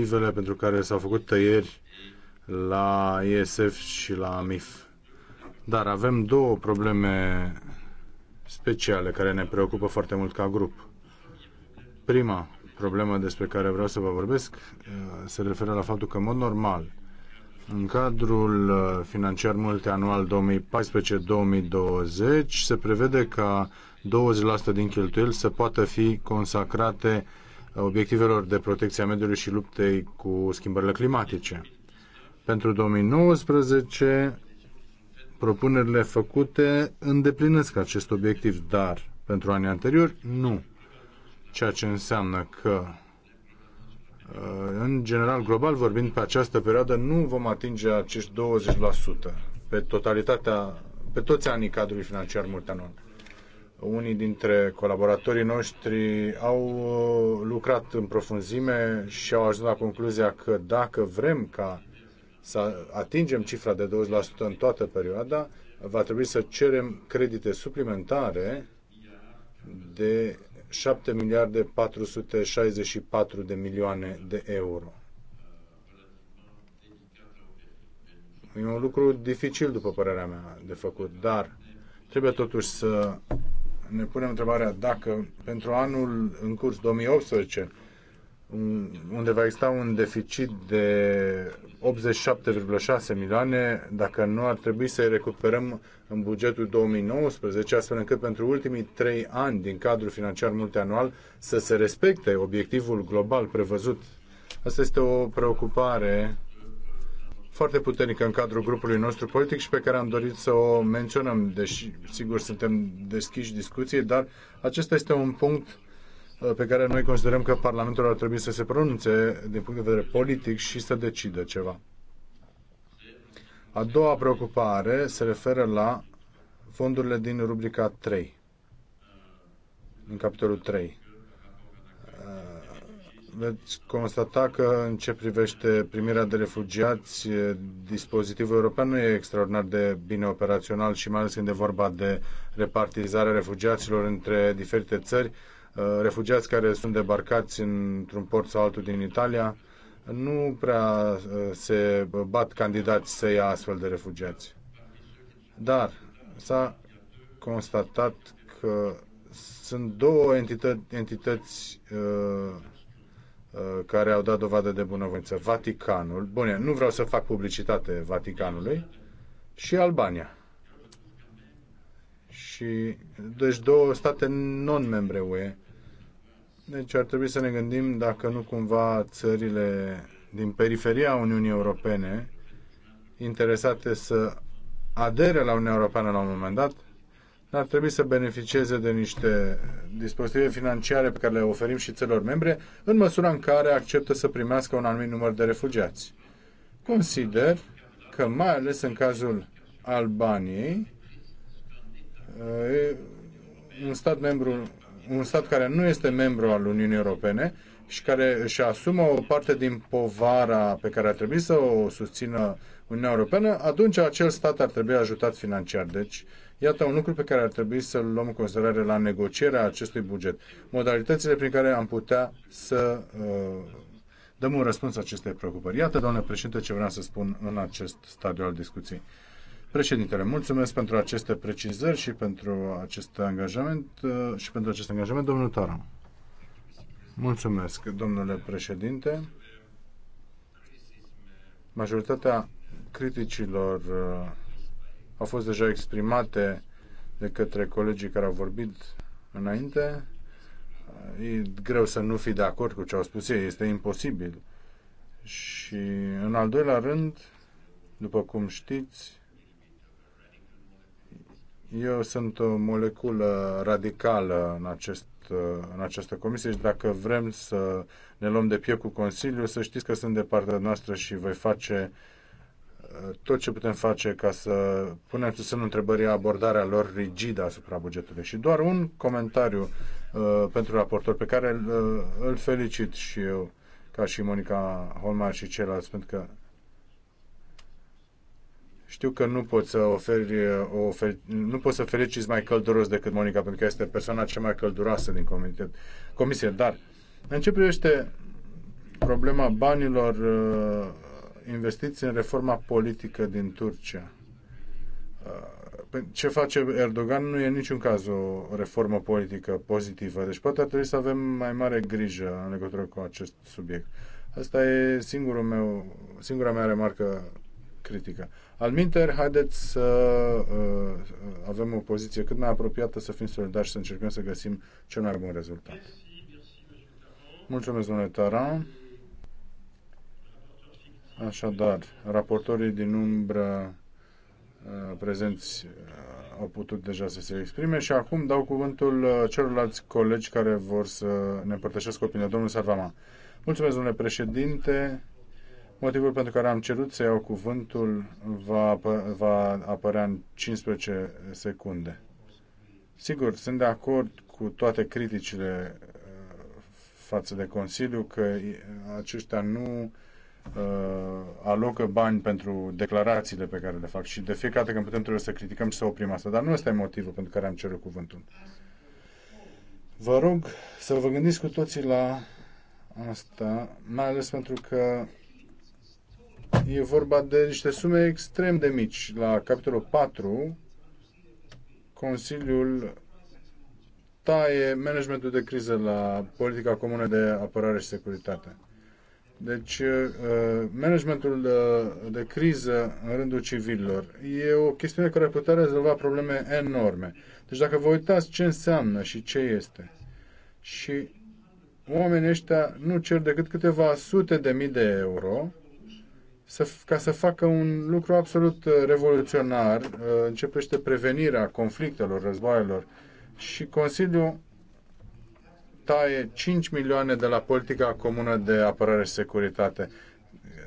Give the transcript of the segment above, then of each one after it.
motivele pentru care s-au făcut tăieri la ISF și la MIF. Dar avem două probleme speciale care ne preocupă foarte mult ca grup. Prima problemă despre care vreau să vă vorbesc uh, se referă la faptul că, în mod normal, în cadrul uh, financiar multianual 2014-2020 se prevede ca 20% din cheltuieli să poată fi consacrate uh, obiectivelor de protecție a mediului și luptei cu schimbările climatice. Pentru 2019, propunerile făcute îndeplinesc acest obiectiv, dar pentru anii anteriori, nu. Ceea ce înseamnă că, uh, în general, global vorbind, pe această perioadă nu vom atinge acești 20% pe totalitatea, pe toți anii cadrului financiar multianual. Unii dintre colaboratorii noștri au uh, lucrat în profunzime și au ajuns la concluzia că dacă vrem ca să atingem cifra de 20% în toată perioada, va trebui să cerem credite suplimentare de 7 miliarde 464 de milioane de euro. E un lucru dificil, după părerea mea, de făcut, dar trebuie totuși să ne punem întrebarea dacă pentru anul în curs 2018, unde va exista un deficit de 87,6 milioane, dacă nu ar trebui să-i recuperăm în bugetul 2019, astfel încât pentru ultimii trei ani din cadrul financiar multianual să se respecte obiectivul global prevăzut. Asta este o preocupare foarte puternică în cadrul grupului nostru politic și pe care am dorit să o menționăm, deși sigur suntem deschiși discuției, dar acesta este un punct uh, pe care noi considerăm că Parlamentul ar trebui să se pronunțe din punct de vedere politic și să decidă ceva. A doua preocupare se referă la fondurile din rubrica 3, în capitolul 3 veți constata că în ce privește primirea de refugiați, dispozitivul european nu e extraordinar de bine operațional și mai ales când e vorba de repartizarea refugiaților între diferite țări, refugiați care sunt debarcați într-un port sau altul din Italia, nu prea se bat candidați să ia astfel de refugiați. Dar s-a constatat că sunt două entități, entități uh, Uh, care au dat dovadă de bunăvoință. Vaticanul, bune, nu vreau să fac publicitate Vaticanului, și Albania. Și, deci, două state non-membre UE. Deci ar trebui să ne gândim dacă nu cumva țările din periferia Uniunii Europene interesate să adere la Uniunea Europeană la un moment dat, ar trebui să beneficieze de niște dispozitive financiare pe care le oferim și țărilor membre, în măsura în care acceptă să primească un anumit număr de refugiați. Consider că, mai ales în cazul Albaniei, un stat, membru, un stat care nu este membru al Uniunii Europene și care își asumă o parte din povara pe care ar trebui să o susțină Uniunea Europeană, atunci acel stat ar trebui ajutat financiar. Deci, Iată un lucru pe care ar trebui să-l luăm în considerare la negocierea acestui buget. Modalitățile prin care am putea să uh, dăm un răspuns acestei preocupări. Iată, doamne președinte, ce vreau să spun în acest stadiu al discuției. Președintele, mulțumesc pentru aceste precizări și pentru acest angajament uh, și pentru acest angajament, domnul Taran. Mulțumesc, domnule președinte. Majoritatea criticilor uh, au fost deja exprimate de către colegii care au vorbit înainte. E greu să nu fi de acord cu ce au spus ei, este imposibil. Și în al doilea rând, după cum știți, eu sunt o moleculă radicală în, acest, în această comisie și dacă vrem să ne luăm de piept cu Consiliul, să știți că sunt de partea noastră și voi face uh, tot ce putem face ca să punem sub semnul întrebării abordarea lor rigidă asupra bugetului. Și doar un comentariu uh, pentru raportor pe care uh, îl felicit și eu, ca și Monica Holmar și ceilalți, pentru că știu că nu pot să oferi uh, o fel, nu pot să feliciți mai călduros decât Monica, pentru că este persoana cea mai călduroasă din comitet, comisie, dar în ce privește problema banilor uh, investiți în reforma politică din Turcia. Uh, ce face Erdogan nu e în niciun caz o reformă politică pozitivă, deci poate ar trebui să avem mai mare grijă în legătură cu acest subiect. Asta e singurul meu, singura mea remarcă critică. Alminter, haideți să uh, avem o poziție cât mai apropiată, să fim solidari și să încercăm să găsim cel mai bun rezultat. Mulțumesc, domnule Taran. Așadar, raportorii din umbră uh, prezenți uh, au putut deja să se exprime și acum dau cuvântul uh, celorlalți colegi care vor să ne împărtășesc opinia. Domnul Sarvama. Mulțumesc, domnule președinte. Motivul pentru care am cerut să iau cuvântul va, apă, va apărea în 15 secunde. Sigur, sunt de acord cu toate criticile față de Consiliu că aceștia nu Uh, alocă bani pentru declarațiile pe care le fac și de fiecare dată când putem trebuie să criticăm și să oprim asta. Dar nu ăsta e motivul pentru care am cerut cuvântul. Vă rog să vă gândiți cu toții la asta, mai ales pentru că e vorba de niște sume extrem de mici. La capitolul 4, Consiliul taie managementul de criză la politica comună de apărare și securitate. Deci, uh, managementul de, de criză în rândul civililor e o chestiune care ar putea rezolva probleme enorme. Deci dacă vă uitați ce înseamnă și ce este. Și oamenii ăștia nu cer decât câteva sute de mii de euro să, ca să facă un lucru absolut uh, revoluționar, uh, începește prevenirea conflictelor, războaielor. Și Consiliul taie 5 milioane de la politica comună de apărare și securitate.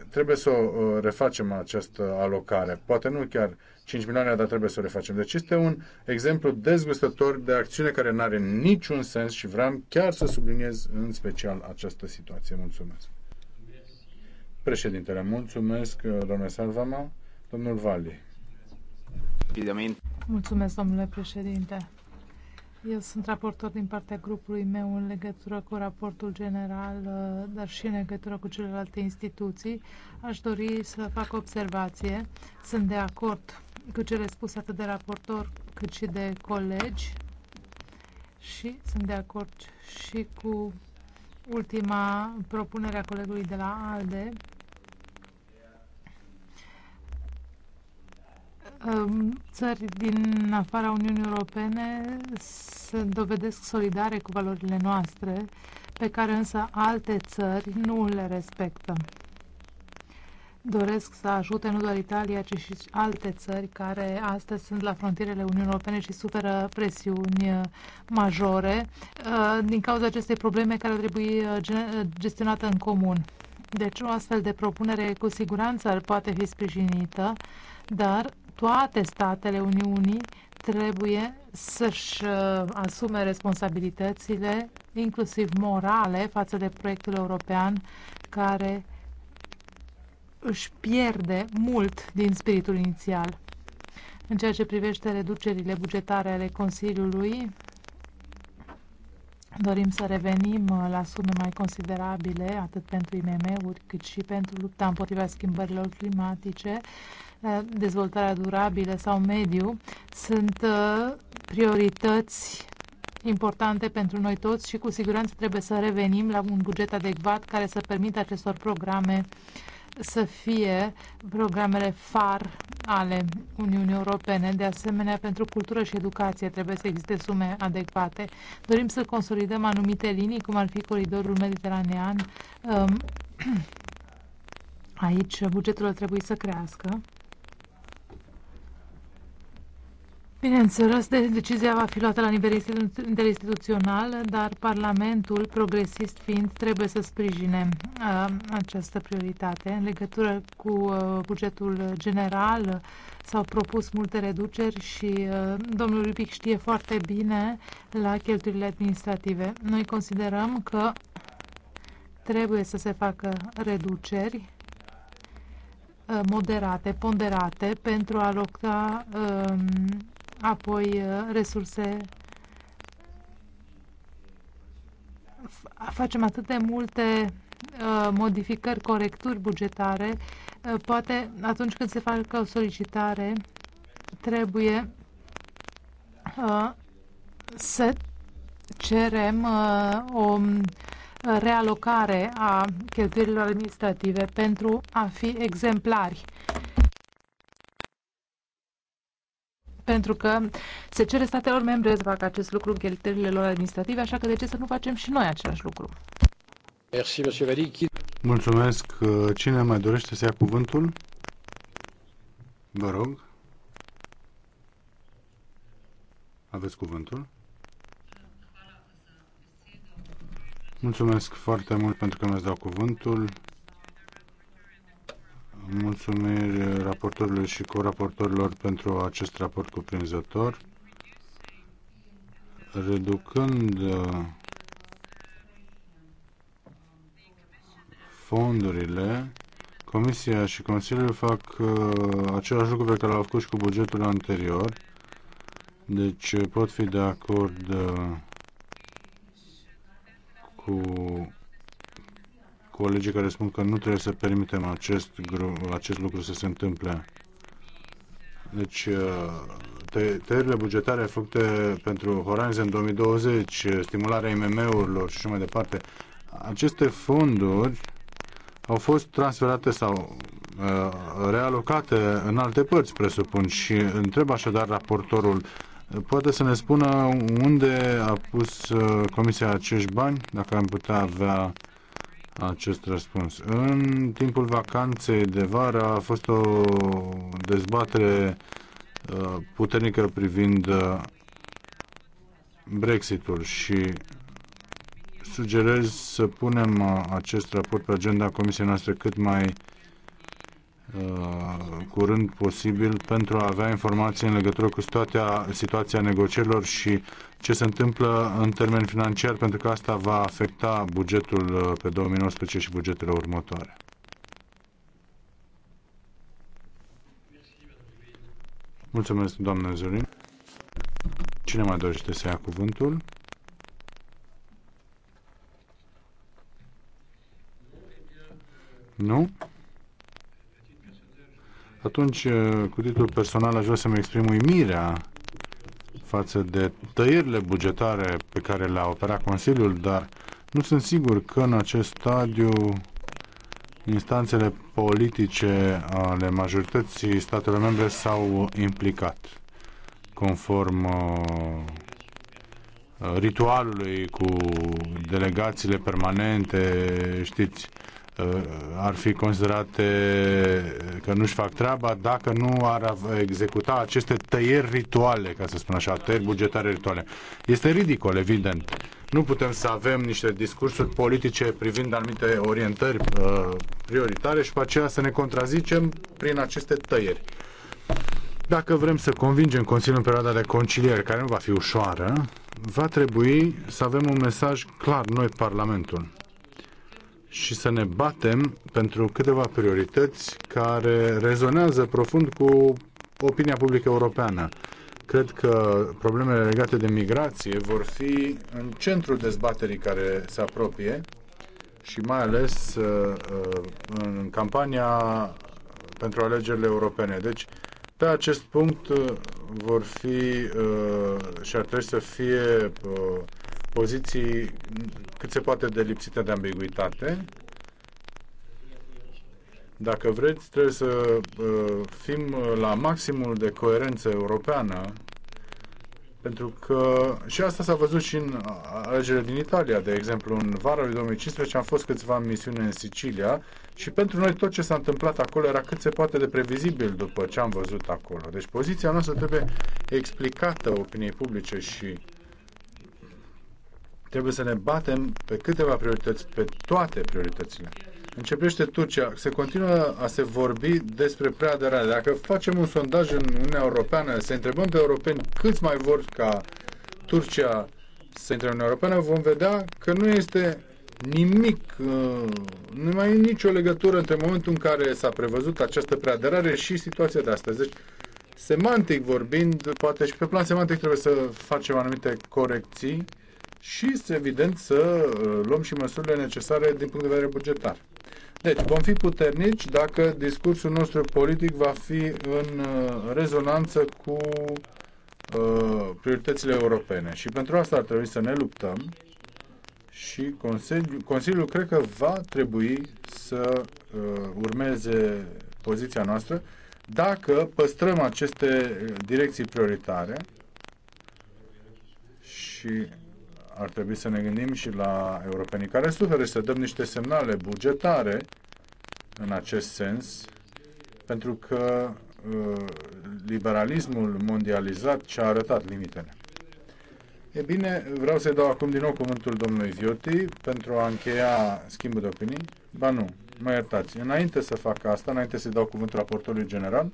Trebuie să o uh, refacem această alocare. Poate nu chiar 5 milioane, dar trebuie să o refacem. Deci este un exemplu dezgustător de acțiune care nu are niciun sens și vreau chiar să subliniez în special această situație. Mulțumesc. Președintele, mulțumesc, uh, domnule Salvama. Domnul Vali. Mulțumesc, domnule președinte. Eu sunt raportor din partea grupului meu în legătură cu raportul general, uh, dar și în legătură cu celelalte instituții. Aș dori să fac observație. Sunt de acord cu cele spuse atât de raportor cât și de colegi și sunt de acord și cu ultima propunere a colegului de la ALDE țări din afara Uniunii Europene se dovedesc solidare cu valorile noastre, pe care însă alte țări nu le respectă. Doresc să ajute nu doar Italia, ci și alte țări care astăzi sunt la frontierele Uniunii Europene și suferă presiuni uh, majore uh, din cauza acestei probleme care trebuie uh, gestionată în comun. Deci o astfel de propunere cu siguranță ar poate fi sprijinită, dar toate statele Uniunii trebuie să-și uh, asume responsabilitățile, inclusiv morale, față de proiectul european care își pierde mult din spiritul inițial. În ceea ce privește reducerile bugetare ale Consiliului, Dorim să revenim uh, la sume mai considerabile, atât pentru IMM-uri, cât și pentru lupta împotriva schimbărilor climatice, la uh, dezvoltarea durabilă sau mediu, sunt uh, priorități importante pentru noi toți și cu siguranță trebuie să revenim la un buget adecvat care să permită acestor programe să fie programele FAR ale Uniunii Europene. De asemenea, pentru cultură și educație trebuie să existe sume adecvate. Dorim să consolidăm anumite linii, cum ar fi coridorul mediteranean. Aici bugetul trebuie să crească. Bineînțeles, decizia va fi luată la nivel interinstituțional, dar Parlamentul, progresist fiind, trebuie să sprijine uh, această prioritate. În legătură cu uh, bugetul general, s-au propus multe reduceri și uh, domnul Rubic știe foarte bine la cheltuielile administrative. Noi considerăm că trebuie să se facă reduceri uh, moderate, ponderate, pentru a aloca um, apoi uh, resurse. Facem atât de multe uh, modificări, corecturi bugetare, uh, poate atunci când se facă o solicitare trebuie să cerem o mm, realocare a cheltuielilor administrative pentru a fi exemplari pentru că se cere statelor membre să facă acest lucru în cheltuielile lor administrative, așa că de ce să nu facem și noi același lucru? Mulțumesc. Cine mai dorește să ia cuvântul? Vă rog. Aveți cuvântul. Mulțumesc foarte mult pentru că mi-ați dat cuvântul. Mulțumiri raportorilor și coraportorilor pentru acest raport cuprinzător. Reducând uh, fondurile, Comisia și Consiliul fac uh, același lucru pe care l-au făcut și cu bugetul anterior, deci uh, pot fi de acord cu colegii care spun că nu trebuie să permitem acest, acest lucru să se întâmple. Deci, uh, tăierile bugetare făcute pentru Horizon 2020, stimularea IMM-urilor și așa mai departe, aceste fonduri au fost transferate sau uh, realocate în alte părți, presupun, și întreb așadar raportorul, poate să ne spună unde a pus uh, Comisia acești bani, dacă am putea avea acest răspuns. În timpul vacanței de vară a fost o dezbatere uh, puternică privind uh, Brexitul și sugerez să punem uh, acest raport pe agenda comisiei noastre cât mai Uh, curând posibil pentru a avea informații în legătură cu situația, situația negocierilor și ce se întâmplă în termen financiar, pentru că asta va afecta bugetul uh, pe 2019 și bugetele următoare. Mulțumesc, doamne Zorin. Cine mai dorește să ia cuvântul? Nu? Atunci, eh, cu titlul personal, aș vrea să-mi exprim uimirea față de tăierile bugetare pe care le-a operat Consiliul, dar nu sunt sigur că în acest stadiu instanțele politice ale majorității statelor membre s-au implicat conform eh, ritualului cu delegațiile permanente, știți, Uh, ar fi considerate uh, că nu-și fac treaba dacă nu ar executa aceste tăieri rituale, ca să spun așa, tăieri bugetare rituale. Este ridicol, evident. Nu putem să avem niște discursuri politice privind anumite orientări uh, prioritare și pe aceea să ne contrazicem prin aceste tăieri. Dacă vrem să convingem Consiliul în perioada de conciliere, care nu va fi ușoară, va trebui să avem un mesaj clar noi, Parlamentul și să ne batem pentru câteva priorități care rezonează profund cu opinia publică europeană. Cred că problemele legate de migrație vor fi în centrul dezbaterii care se apropie și mai ales uh, uh, în campania pentru alegerile europene. Deci, pe acest punct uh, vor fi și ar trebui să fie poziții cât se poate de lipsite de ambiguitate. Dacă vreți, trebuie să uh, fim uh, la maximul de coerență europeană, pentru că și asta s-a văzut și în uh, alegerile din Italia, de exemplu, în vara lui 2015 am fost câțiva în misiune în Sicilia și pentru noi tot ce s-a întâmplat acolo era cât se poate de previzibil după ce am văzut acolo. Deci poziția noastră trebuie explicată opiniei publice și Trebuie să ne batem pe câteva priorități, pe toate prioritățile. Începește Turcia. Se continuă a se vorbi despre preaderare. Dacă facem un sondaj în Uniunea Europeană, să întrebăm pe europeni câți mai vor ca Turcia să intre în Uniunea Europeană, vom vedea că nu este nimic, uh, nu mai e nicio legătură între momentul în care s-a prevăzut această preaderare și situația de astăzi. Deci, semantic vorbind, poate și pe plan semantic trebuie să facem anumite corecții și, evident, să uh, luăm și măsurile necesare din punct de vedere bugetar. Deci, vom fi puternici dacă discursul nostru politic va fi în uh, rezonanță cu uh, prioritățile europene. Și pentru asta ar trebui să ne luptăm și Consiliul, Consiliul cred că va trebui să uh, urmeze poziția noastră dacă păstrăm aceste direcții prioritare și ar trebui să ne gândim și la europenii care suferă și să dăm niște semnale bugetare în acest sens, pentru că uh, liberalismul mondializat și-a arătat limitele. E bine, vreau să-i dau acum din nou cuvântul domnului Vioti pentru a încheia schimbul de opinii. Ba nu, mă iertați. Înainte să fac asta, înainte să-i dau cuvântul raportorului general,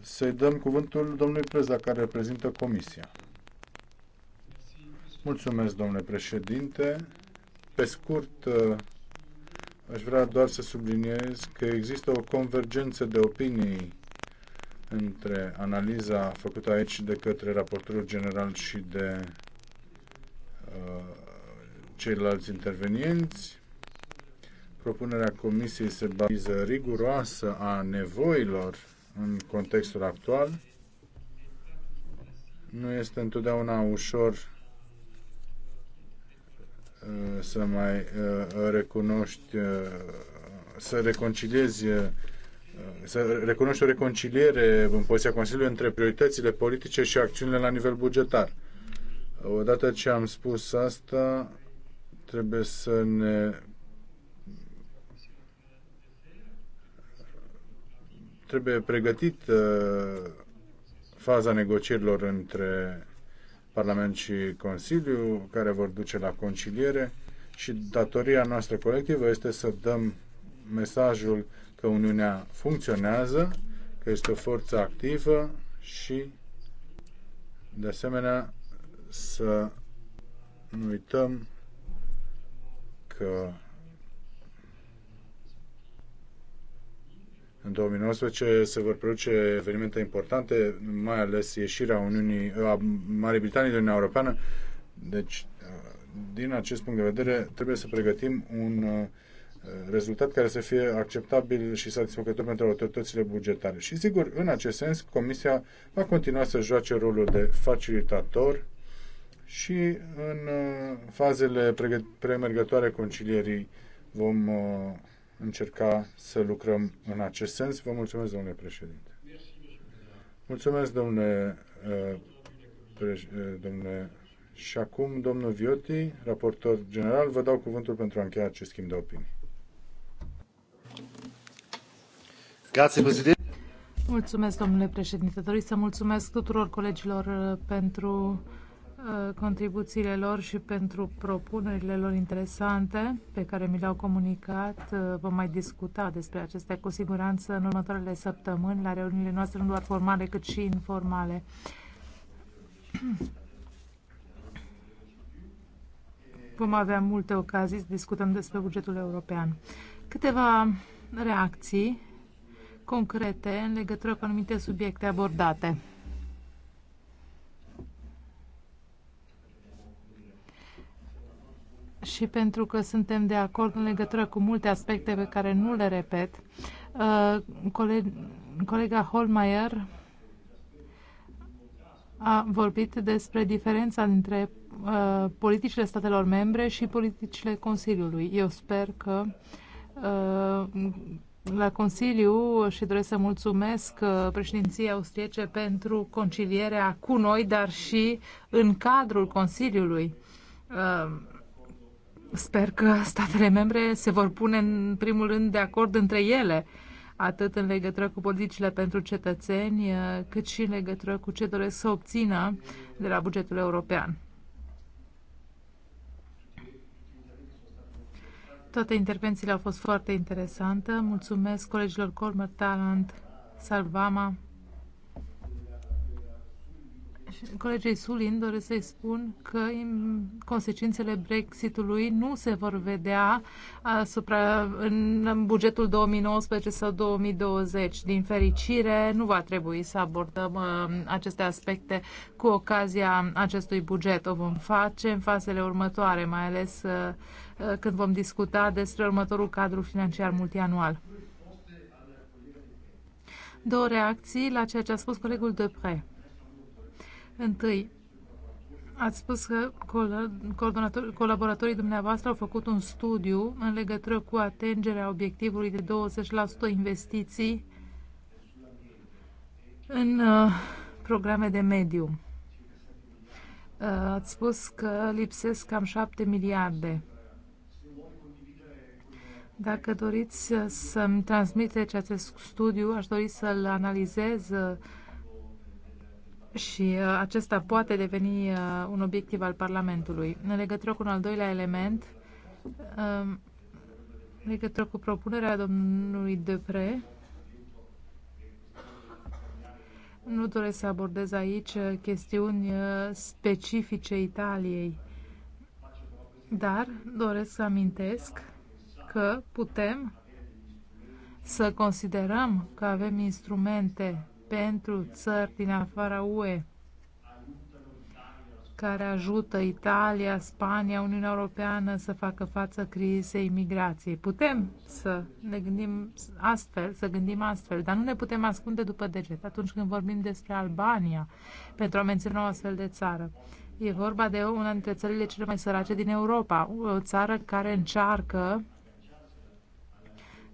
să-i dăm cuvântul domnului Preza, care reprezintă comisia. Mulțumesc, domnule președinte. Pe scurt, uh, aș vrea doar să subliniez că există o convergență de opinii între analiza făcută aici de către raportorul general și de uh, ceilalți intervenienți. Propunerea Comisiei se bazează riguroasă a nevoilor în contextul actual. Nu este întotdeauna ușor să mai uh, recunoști, uh, să reconciliezi uh, să recunoști o reconciliere în poziția Consiliului între prioritățile politice și acțiunile la nivel bugetar. Odată ce am spus asta, trebuie să ne trebuie pregătit faza negocierilor între Parlament și Consiliu, care vor duce la conciliere și datoria noastră colectivă este să dăm mesajul că Uniunea funcționează, că este o forță activă și, de asemenea, să nu uităm că În 2019 se vor produce evenimente importante, mai ales ieșirea Uniunii, a Marii Britanii din Uniunea Europeană. Deci, din acest punct de vedere, trebuie să pregătim un uh, rezultat care să fie acceptabil și satisfăcător pentru autoritățile bugetare. Și sigur, în acest sens, Comisia va continua să joace rolul de facilitator și în uh, fazele premergătoare concilierii vom uh, încerca să lucrăm în acest sens. Vă mulțumesc, domnule președinte. Mulțumesc, domnule, uh, uh, domnule. Și acum, domnul Vioti, raportor general, vă dau cuvântul pentru a încheia acest schimb de opinii. Grazie, președinte. Mulțumesc, domnule președinte. Doresc să mulțumesc tuturor colegilor uh, pentru Uh, contribuțiile lor și pentru propunerile lor interesante pe care mi le-au comunicat. Uh, vom mai discuta despre acestea cu siguranță în următoarele săptămâni, la reuniunile noastre, nu doar formale, cât și informale. Vom avea multe ocazii să discutăm despre bugetul european. Câteva reacții concrete în legătură cu anumite subiecte abordate. și pentru că suntem de acord în legătură cu multe aspecte pe care nu le repet. Uh, colega Holmeier a vorbit despre diferența dintre uh, politicile statelor membre și politicile Consiliului. Eu sper că uh, la Consiliu și doresc să mulțumesc președinției austriece pentru concilierea cu noi, dar și în cadrul Consiliului. Sper că statele membre se vor pune în primul rând de acord între ele, atât în legătură cu politicile pentru cetățeni, eh, cât și în legătură cu ce doresc să obțină de la bugetul european. Toate intervențiile au fost foarte interesante. Mulțumesc colegilor Colmer, Talent, Salvama Colegii Sulin doresc să-i spun că consecințele Brexitului nu se vor vedea asupra, în, în bugetul 2019 sau 2020. Din fericire, nu va trebui să abordăm uh, aceste aspecte cu ocazia acestui buget. O vom face în fazele următoare, mai ales uh, uh, când vom discuta despre următorul cadru financiar multianual. Două reacții la ceea ce a spus colegul Depre Întâi, ați spus că colaboratorii dumneavoastră au făcut un studiu în legătură cu atingerea obiectivului de 20% investiții în uh, programe de mediu. Uh, ați spus că lipsesc cam 7 miliarde. Dacă doriți să-mi transmiteți acest studiu, aș dori să-l analizez uh, și uh, acesta poate deveni uh, un obiectiv al Parlamentului. În legătură cu un al doilea element, um, în legătură cu propunerea domnului Depre, nu doresc să abordez aici uh, chestiuni specifice Italiei, dar doresc să amintesc că putem să considerăm că avem instrumente pentru țări din afara UE care ajută Italia, Spania, Uniunea Europeană să facă față crizei migrației. Putem să ne gândim astfel, să gândim astfel, dar nu ne putem ascunde după deget atunci când vorbim despre Albania, pentru a menționa o astfel de țară. E vorba de una dintre țările cele mai sărace din Europa, o țară care încearcă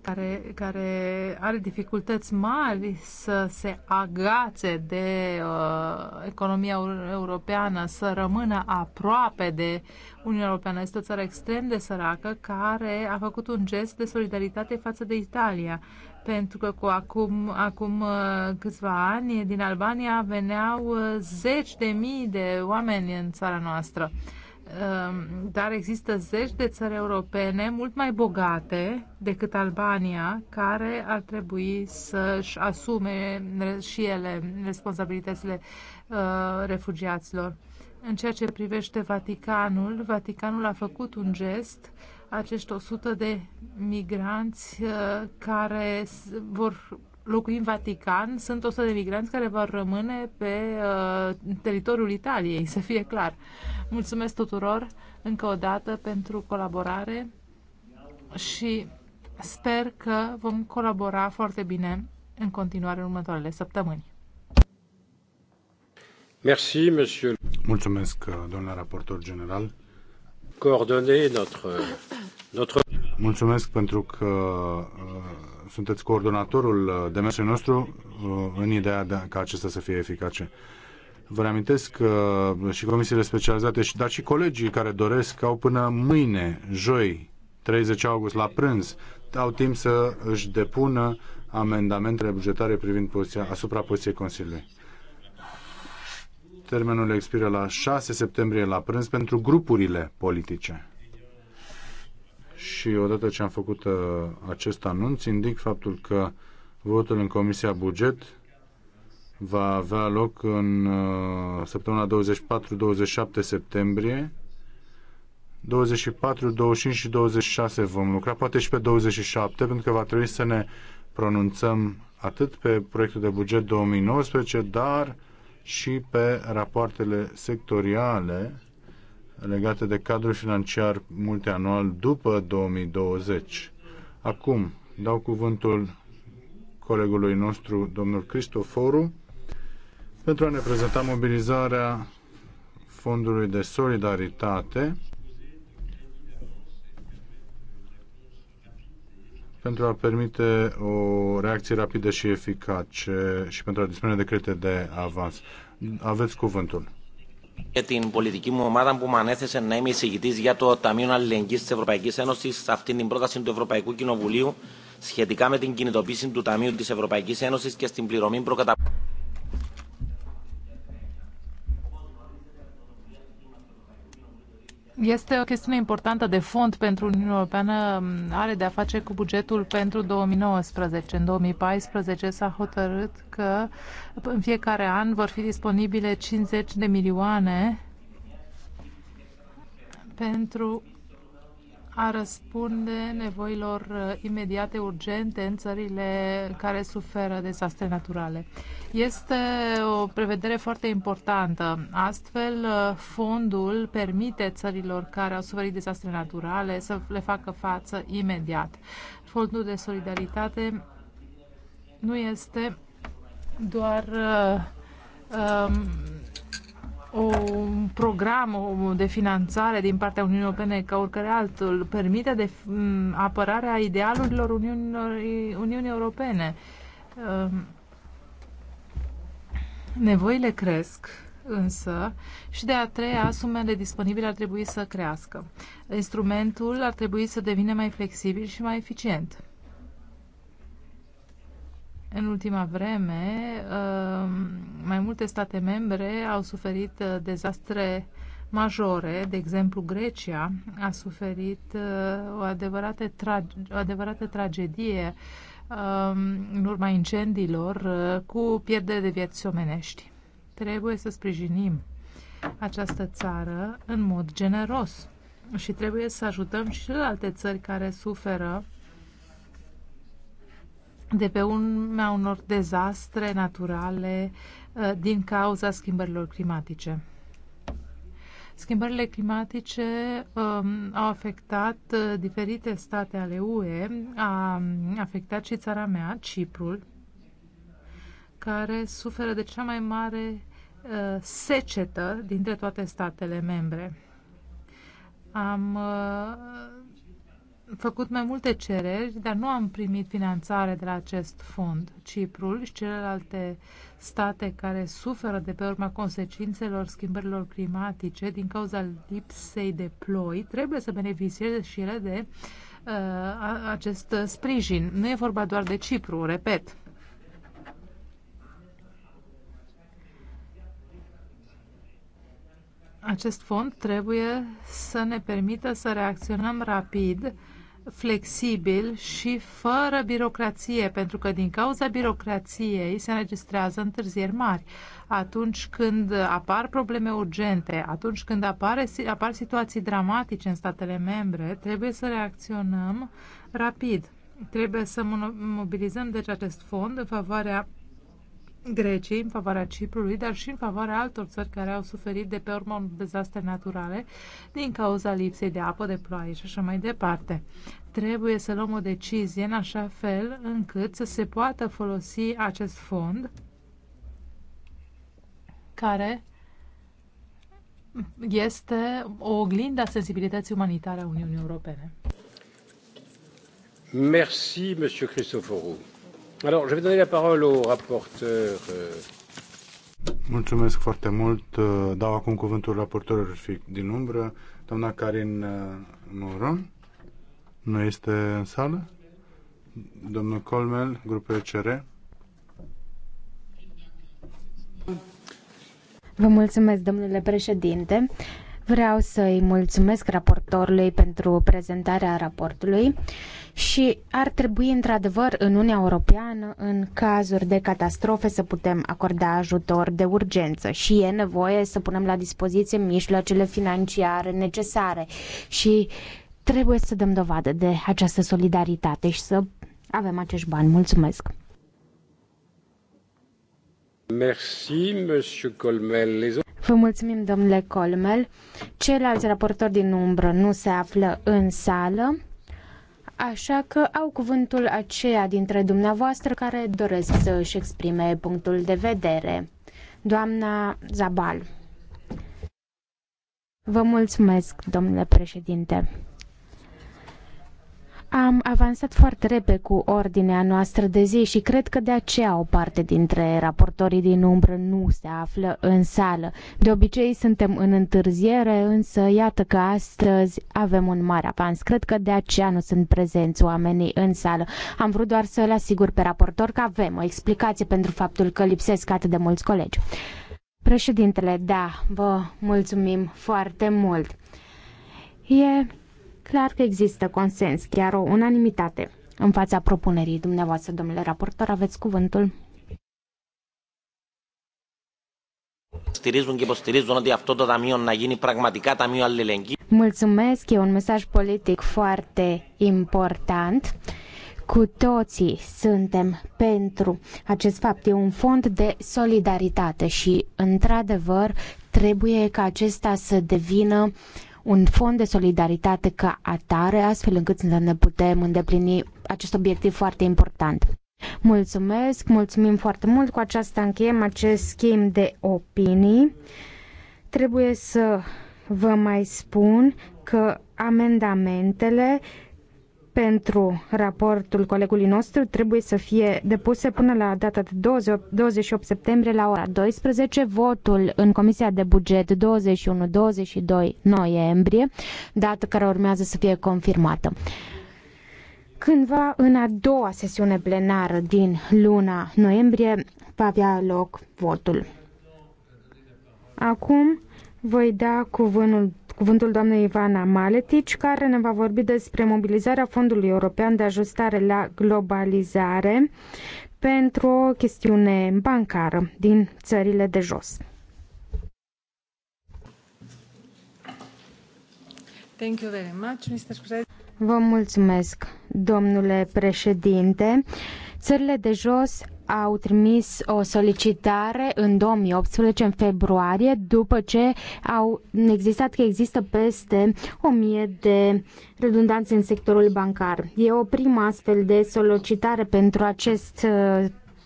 care, care are dificultăți mari să se agațe de uh, economia europeană, să rămână aproape de Uniunea Europeană. Este o țară extrem de săracă care a făcut un gest de solidaritate față de Italia. Pentru că cu acum, acum uh, câțiva ani din Albania veneau uh, zeci de mii de oameni în țara noastră. Uh, Ehm, dar există zeci de țări europene mult mai bogate decât Albania, care ar trebui să-și asume și ele responsabilitățile ehm, refugiaților. În ceea ce privește Vaticanul, Vaticanul a făcut un gest acești 100 de migranți ehm, care vor locui în Vatican, sunt 100 de migranți care vor rămâne pe uh, teritoriul Italiei, să fie clar. Mulțumesc tuturor încă o dată pentru colaborare și sper că vom colabora foarte bine în continuare în următoarele săptămâni. Merci, monsieur. Mulțumesc, uh, domnule raportor general. Coordonner notre, notre... Mulțumesc pentru că uh, sunteți coordonatorul uh, demersului nostru uh, în ideea de, ca acesta să fie eficace. Vă reamintesc că uh, și comisiile specializate, dar și colegii care doresc au până mâine, joi, 30 august, la prânz, au timp să își depună amendamentele bugetare privind poziția, asupra poziției Consiliului. Termenul expiră la 6 septembrie la prânz pentru grupurile politice și odată ce am făcut uh, acest anunț, indic faptul că votul în Comisia Buget va avea loc în uh, săptămâna 24-27 septembrie. 24, 25 și 26 vom lucra, poate și pe 27, pentru că va trebui să ne pronunțăm atât pe proiectul de buget 2019, dar și pe rapoartele sectoriale legate de cadrul financiar multianual după 2020. Acum dau cuvântul colegului nostru, domnul Cristoforu, pentru a ne prezenta mobilizarea Fondului de Solidaritate pentru a permite o reacție rapidă și eficace și pentru a dispune de de avans. Aveți cuvântul και την πολιτική μου ομάδα που με ανέθεσε να είμαι εισηγητή για το Ταμείο Αλληλεγγύη τη Ευρωπαϊκή Ένωση σε αυτήν την πρόταση του Ευρωπαϊκού Κοινοβουλίου σχετικά με την κινητοποίηση του Ταμείου τη Ευρωπαϊκή Ένωση και στην πληρωμή προκαταβολή. Este o chestiune importantă de fond pentru Uniunea Europeană, mm, are de a face cu bugetul pentru 2019. În 2014 s-a hotărât că în fiecare an vor fi disponibile 50 de milioane pentru a răspunde nevoilor uh, imediate, urgente în țările care suferă dezastre naturale. Este o prevedere foarte importantă. Astfel, uh, fondul permite țărilor care au suferit dezastre naturale să le facă față imediat. Fondul de solidaritate nu este doar uh, um, un program de finanțare din partea Uniunii Europene ca oricare altul permite de apărarea idealurilor Uniunii, Uniunii Europene. Ehm, nevoile cresc, însă, și de a treia, sumele disponibile ar trebui să crească. Instrumentul ar trebui să devină mai flexibil și mai eficient. În ultima vreme, uh, mai multe state membre au suferit uh, dezastre majore, de exemplu Grecia a suferit uh, o adevărată, trage- o adevărată tragedie um, în urma incendiilor cu pierdere de vieți omenești. Trebuie să sprijinim această țară în mod generos și trebuie să ajutăm și celelalte țări care suferă de pe urma unor dezastre naturale uh, din cauza schimbărilor climatice. Schimbările climatice um, au afectat uh, diferite state ale UE, a um, afectat și țara mea, Ciprul, care suferă de cea mai mare uh, secetă dintre toate statele membre. Am uh, făcut mai multe cereri, dar nu am primit finanțare de la acest fond. Ciprul și celelalte state care suferă de pe urma consecințelor schimbărilor climatice din cauza lipsei de ploi trebuie să beneficieze și ele de uh, acest sprijin. Nu e vorba doar de Cipru, repet. Acest fond trebuie să ne permită să reacționăm rapid flexibil și fără birocrație, pentru că din cauza birocrației se înregistrează întârzieri mari. Atunci când apar probleme urgente, atunci când apare, apar situații dramatice în statele membre, trebuie să reacționăm rapid. Trebuie să mobilizăm deci acest fond în favoarea Greciei, în favoarea Ciprului, dar și în favoarea altor țări care au suferit de pe urmă unor dezastre naturale din cauza lipsei de apă, de ploaie și așa mai departe. Trebuie să luăm o decizie în așa fel încât să se poată folosi acest fond care este o oglindă a sensibilității umanitare a Uniunii Europene. Merci, Monsieur Cristoforu. Alors, je vais donner la parole au rapporteur. Euh. Mulțumesc foarte mult. Uh, dau acum cuvântul raportorului din umbră, doamna Karin uh, Moron. Nu este în sală? Domnul Colmel, grupul ECR. Vă mulțumesc, domnule președinte. Vreau să-i mulțumesc raportorului pentru prezentarea raportului și ar trebui într-adevăr în Uniunea Europeană, în cazuri de catastrofe, să putem acorda ajutor de urgență și e nevoie să punem la dispoziție mijloacele financiare necesare și trebuie să dăm dovadă de această solidaritate și să avem acești bani. Mulțumesc! Merci, Monsieur Colmel. Vă mulțumim, domnule Colmel. Ceilalți raportori din umbră nu se află în sală, așa că au cuvântul aceia dintre dumneavoastră care doresc să își exprime punctul de vedere. Doamna Zabal. Vă mulțumesc, domnule președinte. Am avansat foarte repede cu ordinea noastră de zi și cred că de aceea o parte dintre raportorii din umbră nu se află în sală. De obicei suntem în întârziere, însă iată că astăzi avem un mare avans. Cred că de aceea nu sunt prezenți oamenii în sală. Am vrut doar să le asigur pe raportor că avem o explicație pentru faptul că lipsesc atât de mulți colegi. Președintele, da, vă mulțumim foarte mult. E clar că există consens, chiar o unanimitate în fața propunerii dumneavoastră, domnule raportor. Aveți cuvântul. Στηρίζουν και υποστηρίζουν ότι αυτό το ταμείο να γίνει πραγματικά ταμείο αλληλεγγύη. Mulțumesc, e un mesaj politic foarte important. Cu toții suntem pentru acest fapt. E un fond de solidaritate și, într-adevăr, trebuie ca acesta să devină uh, un fond de solidaritate ca atare, astfel încât să ne putem îndeplini acest obiectiv foarte important. Mulțumesc, mulțumim foarte mult. Cu aceasta încheiem acest schimb de opinii. Trebuie să vă mai spun că amendamentele pentru raportul colegului nostru trebuie să fie depuse până la data de 28 septembrie la ora 12, votul în Comisia de Buget 21-22 noiembrie, dată care urmează să fie confirmată. Cândva în a doua sesiune plenară din luna noiembrie va avea loc votul. Acum voi da cuvântul, cuvântul doamnei Ivana Maletici, care ne va vorbi despre mobilizarea Fondului European de Ajustare la Globalizare pentru o chestiune bancară din țările de jos. Thank you very much, Mr. Vă mulțumesc, domnule președinte. Țările de jos au trimis o solicitare în 2018, în februarie, după ce au existat că există peste 1000 de redundanțe în sectorul bancar. E o prima astfel de solicitare pentru acest uh,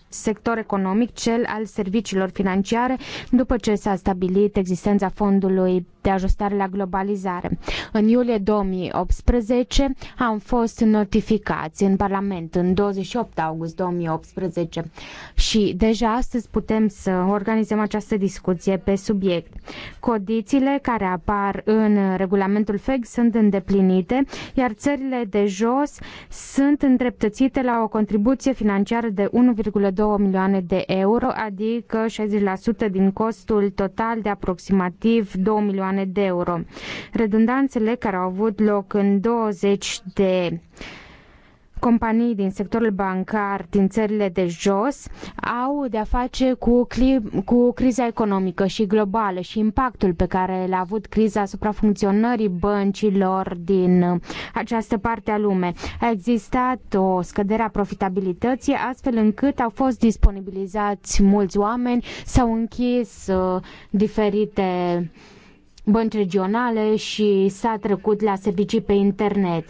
sector economic, cel al serviciilor financiare, după ce s-a stabilit existența fondului de ajustare la globalizare. În iulie 2018 am fost notificați în Parlament în 28 august 2018 și deja astăzi putem să organizăm această discuție pe subiect. Codițiile care apar în regulamentul FEG sunt îndeplinite, iar țările de jos sunt îndreptățite la o contribuție financiară de 1,2 milioane de euro, adică 60% din costul total de aproximativ 2 milioane milioane de euro. Redundanțele care au avut loc în 20 de companii din sectorul bancar din țările de jos au de-a face cu, cu criza economică și globală și impactul pe care l-a avut criza asupra funcționării băncilor din această parte a lume. A existat o scădere a profitabilității astfel încât au fost disponibilizați mulți oameni, s-au închis uh, diferite uh, bănci regionale și s-a trecut la servicii pe internet.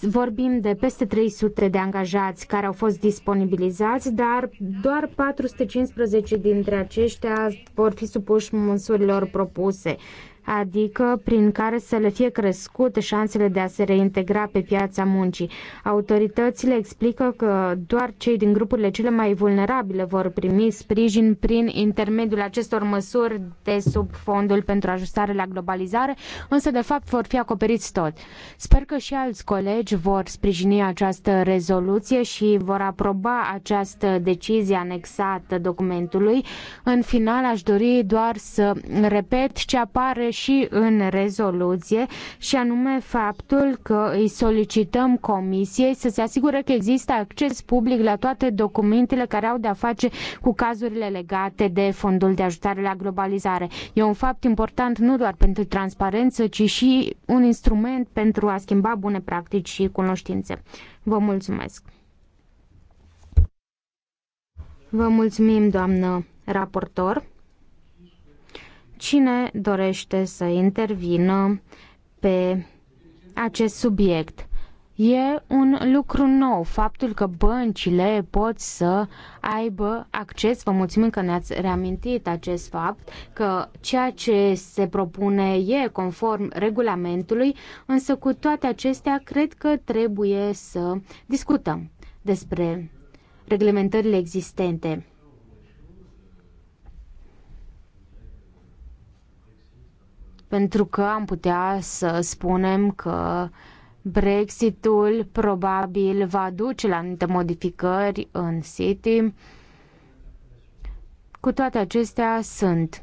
Vorbim de peste 300 de angajați care au fost disponibilizați, dar doar 415 dintre aceștia vor fi supuși măsurilor propuse adică prin care să le fie crescute șansele de a se reintegra pe piața muncii. Autoritățile explică că doar cei din grupurile cele mai vulnerabile vor primi sprijin prin intermediul acestor măsuri de sub fondul pentru ajustare la globalizare, însă de fapt vor fi acoperiți tot. Sper că și alți colegi vor sprijini această rezoluție și vor aproba această decizie anexată documentului. În final aș dori doar să repet ce apare și și în rezoluție și anume faptul că îi solicităm comisiei să se asigure că există acces public la toate documentele care au de-a face cu cazurile legate de fondul de ajutare la globalizare. E un fapt important nu doar pentru transparență, ci și un instrument pentru a schimba bune practici și cunoștințe. Vă mulțumesc! Vă mulțumim, doamnă raportor. Cine dorește să intervină pe acest subiect? E un lucru nou, faptul că băncile pot să aibă acces, vă mulțumim că ne-ați reamintit acest fapt, că ceea ce se propune e conform regulamentului, însă cu toate acestea cred că trebuie să discutăm despre reglementările existente. pentru că am putea să spunem că Brexitul probabil va duce la anumite modificări în City. Cu toate acestea sunt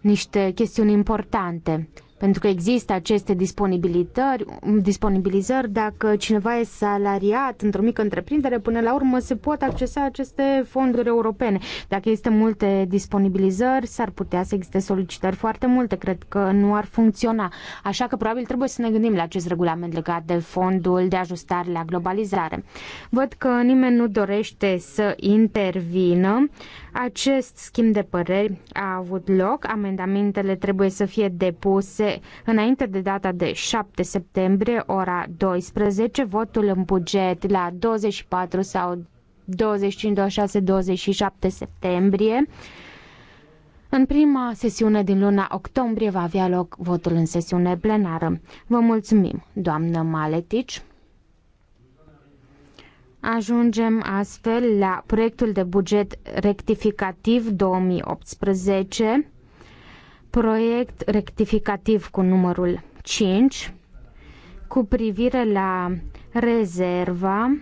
niște chestiuni importante pentru că există aceste disponibilitări, disponibilizări, dacă cineva e salariat într-o mică întreprindere, până la urmă se pot accesa aceste fonduri europene. Dacă există multe disponibilizări, s-ar putea să existe solicitări foarte multe, cred că nu ar funcționa. Așa că probabil trebuie să ne gândim la acest regulament legat de fondul de ajustare la globalizare. Văd că nimeni nu dorește să intervină. Acest schimb de păreri a avut loc, amendamentele trebuie să fie depuse Înainte de data de 7 septembrie, ora 12, votul în buget la 24 sau 25, 26, 27 septembrie. În prima sesiune din luna octombrie va avea loc votul în sesiune plenară. Vă mulțumim, doamnă Maletici. Ajungem astfel la proiectul de buget rectificativ 2018 proiect rectificativ cu numărul 5 cu privire la rezerva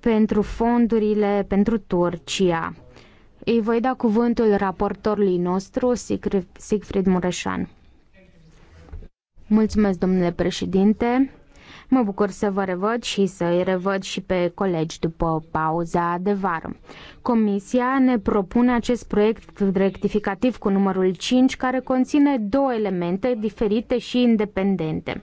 pentru fondurile pentru Turcia. Îi voi da cuvântul raportorului nostru, Siegfried Mureșan. Mulțumesc, domnule președinte. Mă bucur să vă revăd și să îi revăd și pe colegi după pauza de vară. Comisia ne propune acest proiect rectificativ cu numărul 5 care conține două elemente diferite și independente.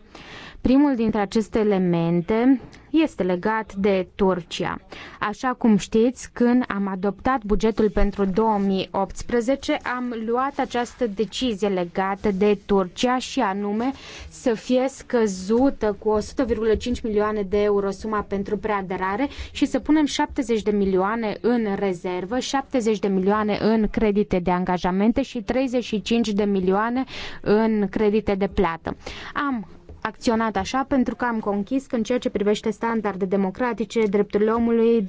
Primul dintre aceste elemente este legat de Turcia. Așa cum știți, când am adoptat bugetul pentru 2018, am luat această decizie legată de Turcia și anume să fie scăzută cu 100,5 milioane de euro suma pentru preaderare și să punem 70 de milioane în rezervă, 70 de milioane în credite de angajamente și 35 de milioane în credite de plată. Am acționat așa pentru că am conchis că în ceea ce privește standarde democratice, drepturile omului,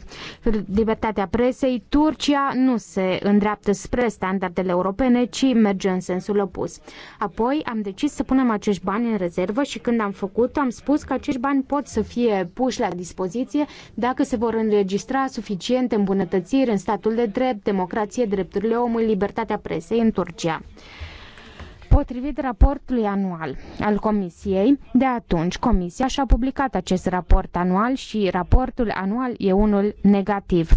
libertatea presei, Turcia nu se îndreaptă spre standardele europene, ci merge în sensul opus. Apoi am decis să punem acești bani în rezervă și când am făcut, am spus că acești bani pot să fie puși la dispoziție dacă se vor înregistra suficiente îmbunătățiri în statul de drept, democrație, drepturile omului, libertatea presei în Turcia. Potrivit raportului anual al Comisiei, de atunci Comisia și-a publicat acest raport anual și raportul anual e unul negativ.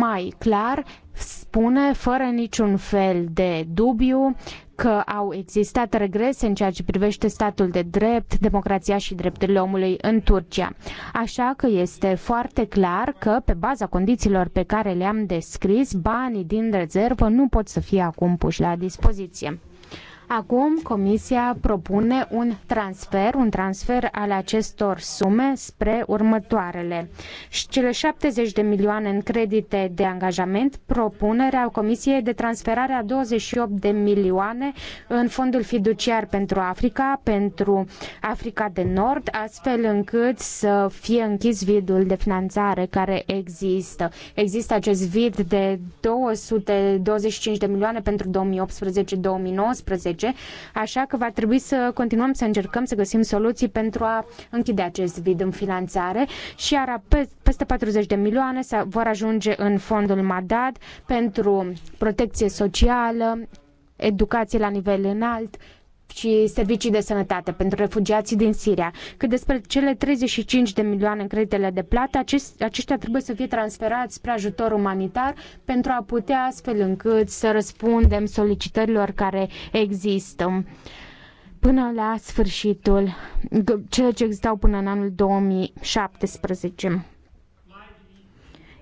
Mai clar, spune fără niciun fel de dubiu că au existat regrese în ceea ce privește statul de drept, democrația și drepturile omului în Turcia. Așa că este foarte clar că, pe baza condițiilor pe care le-am descris, banii din rezervă nu pot să fie acum puși la dispoziție. Acum Comisia propune un transfer, un transfer al acestor sume spre următoarele. Și cele 70 de milioane în credite de angajament, propunerea Comisiei de transferare a 28 de milioane în fondul fiduciar pentru Africa, pentru Africa de Nord, astfel încât să fie închis vidul de finanțare care există. Există acest vid de 225 de milioane pentru 2018-2019 lege, așa că va trebui să continuăm să încercăm să găsim soluții pentru a închide acest vid în finanțare și iar peste 40 de milioane vor ajunge în fondul MADAD pentru protecție socială, educație la nivel înalt, și servicii de sănătate pentru refugiații din Siria. Cât despre cele 35 de milioane în creditele de plată, aceștia trebuie să fie transferați spre ajutor umanitar pentru a putea astfel încât să răspundem solicitărilor care există până la sfârșitul, ceea ce existau până în anul 2017.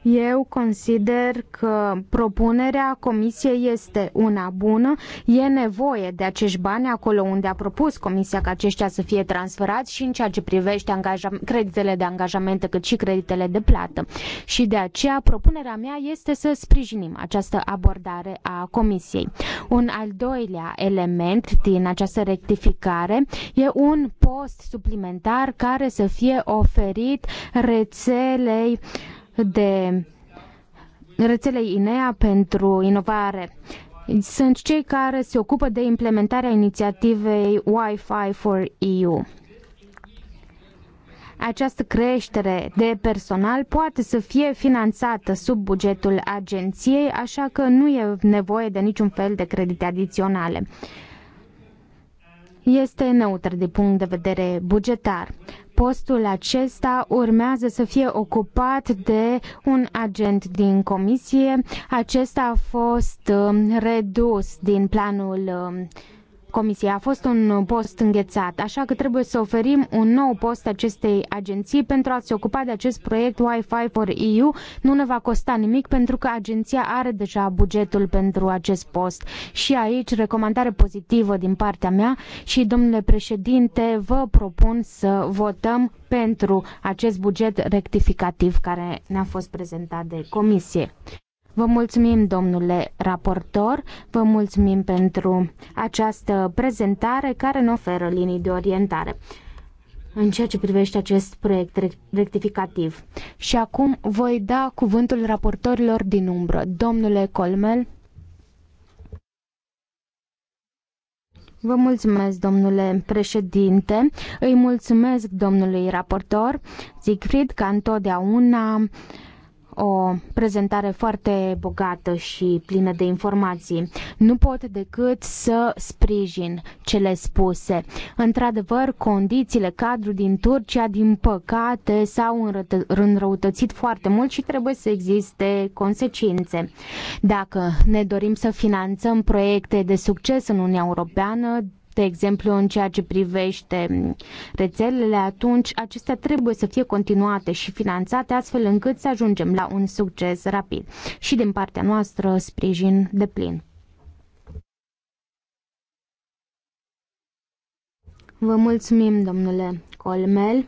Eu consider că propunerea Comisiei este una bună. E nevoie de acești bani acolo unde a propus Comisia ca aceștia să fie transferați și în ceea ce privește creditele de angajamente cât și creditele de plată. Și de aceea propunerea mea este să sprijinim această abordare a Comisiei. Un al doilea element din această rectificare e un post suplimentar care să fie oferit rețelei uh, de rețelei INEA pentru inovare. Sunt cei care se ocupă de implementarea inițiativei Wi-Fi for EU. Această creștere de personal poate să fie finanțată sub bugetul agenției, așa că nu e nevoie de niciun fel de credite adiționale este neutră din punct de vedere bugetar. Postul acesta urmează să fie ocupat de un agent din comisie. Acesta a fost um, redus din planul um, comisie. A fost un post înghețat, așa că trebuie să oferim un nou post acestei agenții pentru a se ocupa de acest proiect Wi-Fi for EU. Nu ne va costa nimic pentru că agenția are deja bugetul pentru acest post. Și aici recomandare pozitivă din partea mea și domnule președinte, vă propun să votăm pentru acest buget rectificativ care ne-a fost prezentat de comisie. Vă mulțumim, domnule raportor, vă mulțumim pentru această prezentare care ne oferă linii de orientare în ceea ce privește acest proiect rectificativ. Și acum voi da cuvântul raportorilor din umbră. Domnule Colmel. Vă mulțumesc, domnule președinte. Îi mulțumesc domnului raportor Siegfried, ca întotdeauna uh, o prezentare foarte bogată și plină de informații. Nu pot decât să sprijin cele spuse. Într-adevăr, condițiile cadru din Turcia, din păcate, s-au înrăutățit foarte mult și trebuie să existe consecințe. Dacă ne dorim să finanțăm proiecte de succes în Uniunea Europeană, de exemplu în ceea ce privește rețelele, atunci acestea trebuie să fie continuate și finanțate astfel încât să ajungem la un succes rapid. Și din partea noastră sprijin de plin. Vă mulțumim, domnule Colmel.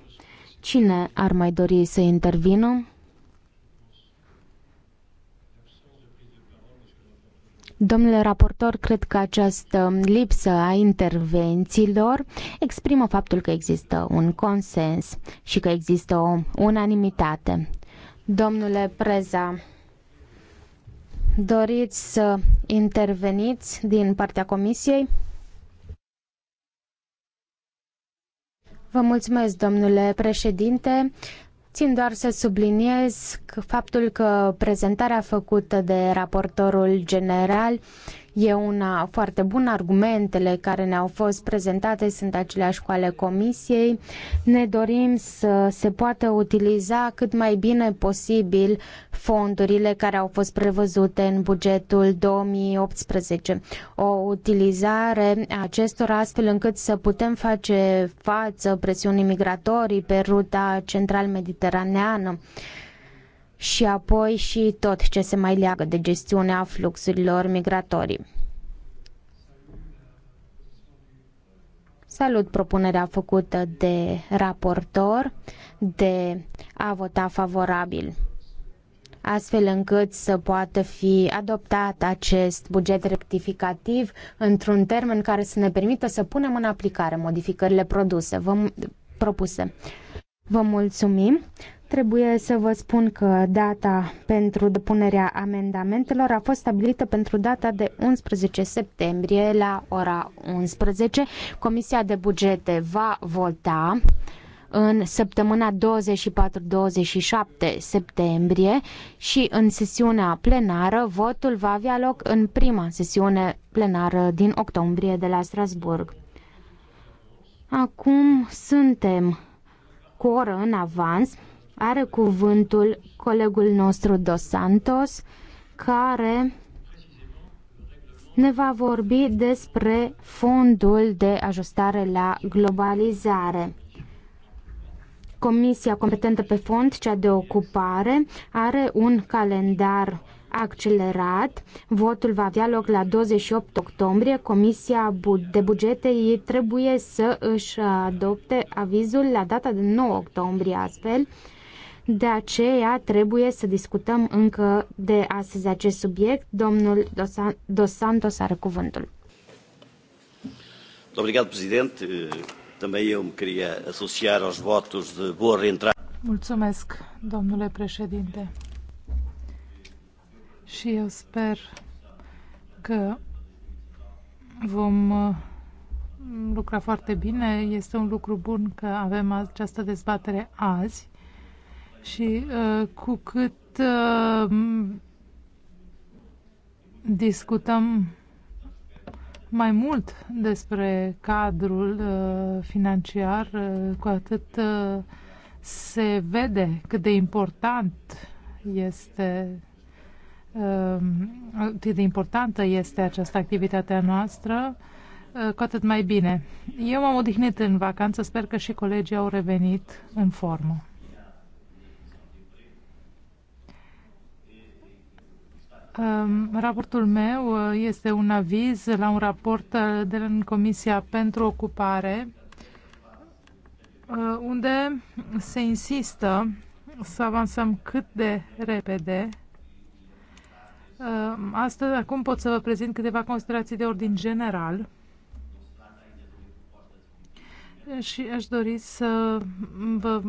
Cine ar mai dori să intervină? Domnule raportor, cred că această lipsă a intervențiilor exprimă faptul că există un consens și că există o unanimitate. Domnule Preza, doriți să interveniți din partea Comisiei? Vă mulțumesc, domnule președinte. Țin doar să subliniez faptul că prezentarea făcută de raportorul general E una foarte bună, argumentele care ne-au fost prezentate sunt aceleași cu ale comisiei. Ne dorim să se poată utiliza cât mai bine posibil fondurile care au fost prevăzute în bugetul 2018. O utilizare a acestor astfel încât să putem face față presiunii migratorii pe ruta central-mediteraneană și apoi și tot ce se mai leagă de gestiunea fluxurilor migratorii. Salut propunerea făcută de raportor de a vota favorabil, astfel încât să poată fi adoptat acest buget rectificativ într-un termen care să ne permită să punem în aplicare modificările produse, vă, propuse. Vă mulțumim. Trebuie să vă spun că data pentru depunerea amendamentelor a fost stabilită pentru data de 11 septembrie la ora 11. Comisia de bugete va vota în săptămâna 24-27 septembrie și în sesiunea plenară votul va avea loc în prima sesiune plenară din octombrie de la Strasburg. Acum suntem cu oră în avans are cuvântul colegul nostru Dos Santos, care ne va vorbi despre fondul de ajustare la globalizare. Comisia competentă pe fond, cea de ocupare, are un calendar accelerat. Votul va avea loc la 28 octombrie. Comisia de bugete trebuie să își adopte avizul la data de 9 octombrie, astfel de aceea trebuie să discutăm încă de astăzi acest subiect. Domnul Dos Santos are cuvântul. Obrigado, Presidente. Eh, também eu me queria associar aos votos de boa reentrada. Mulțumesc, domnule președinte. Și eu sper că vom eh, lucra foarte bine. Este un lucru bun că avem această dezbatere azi și uh, cu cât uh, discutăm mai mult despre cadrul uh, financiar, uh, cu atât uh, se vede cât de important este uh, cât de importantă este această activitate a noastră, uh, cu atât mai bine. Eu m-am odihnit în vacanță, sper că și colegii au revenit în formă. Raportul meu uh, este un aviz la un raport uh, de la Comisia pentru Ocupare, uh, unde se insistă să avansăm cât de repede. Astăzi, acum pot să vă prezint câteva considerații de ordin general și aș dori să vă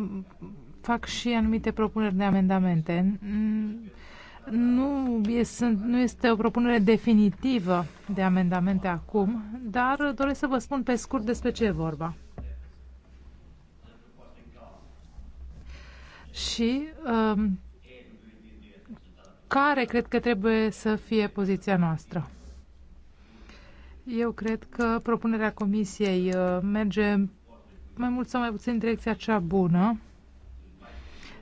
fac și anumite propuneri de amendamente. Nu, este, nu este o propunere definitivă de amendamente acum, dar doresc să vă spun pe scurt despre ce e vorba. Și um, care cred că trebuie să fie poziția noastră? Eu cred că propunerea comisiei uh, merge mai mult sau mai puțin în direcția cea bună.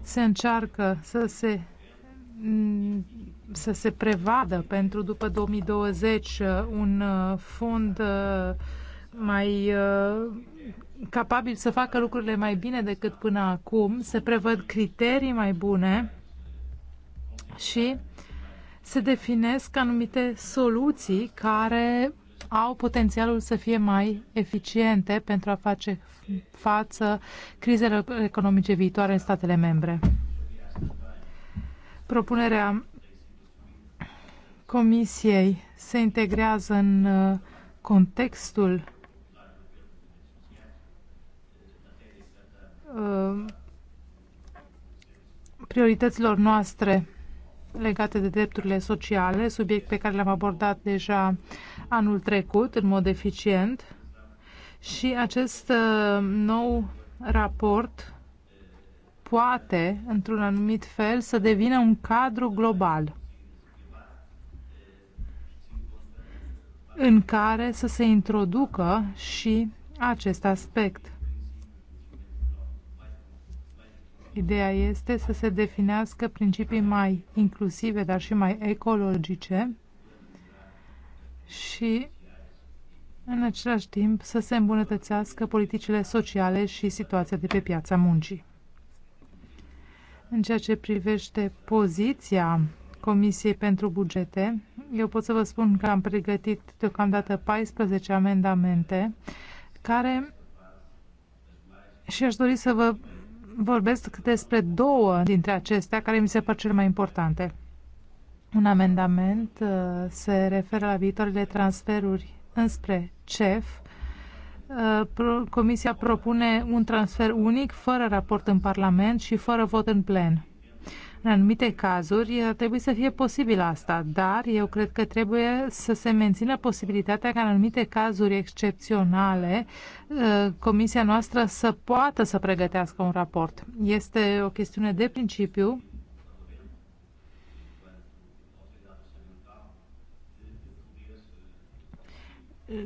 Se încearcă să se Mm, să se prevadă pentru după 2020 uh, un uh, fond uh, mai capabil să facă lucrurile mai bine decât până acum, se prevăd criterii mai bune și se definesc anumite soluții care au potențialul să fie mai eficiente pentru a face față crizelor economice viitoare în statele membre. Propunerea Comisiei se integrează în uh, contextul uh, priorităților noastre legate de drepturile sociale, subiect pe care l-am abordat deja anul trecut în mod eficient. Și acest uh, nou raport poate, într-un anumit fel, să devină un cadru global în care să se introducă și acest aspect. Ideea este să se definească principii mai inclusive, dar și mai ecologice și în același timp să se îmbunătățească politicile sociale și situația de pe piața muncii. În ceea ce privește poziția Comisiei pentru Bugete, eu pot să vă spun că am pregătit deocamdată 14 amendamente care și aș dori să vă vorbesc despre două dintre acestea care mi se par cele mai importante. Un amendament uh, se referă la viitoarele transferuri înspre CEF Uh, Comisia propune un transfer unic, fără raport în Parlament și fără vot în plen. În anumite cazuri uh, trebuie să fie posibil asta, dar eu cred că trebuie să se mențină posibilitatea ca în anumite cazuri excepționale uh, Comisia noastră să poată să pregătească un raport. Este o chestiune de principiu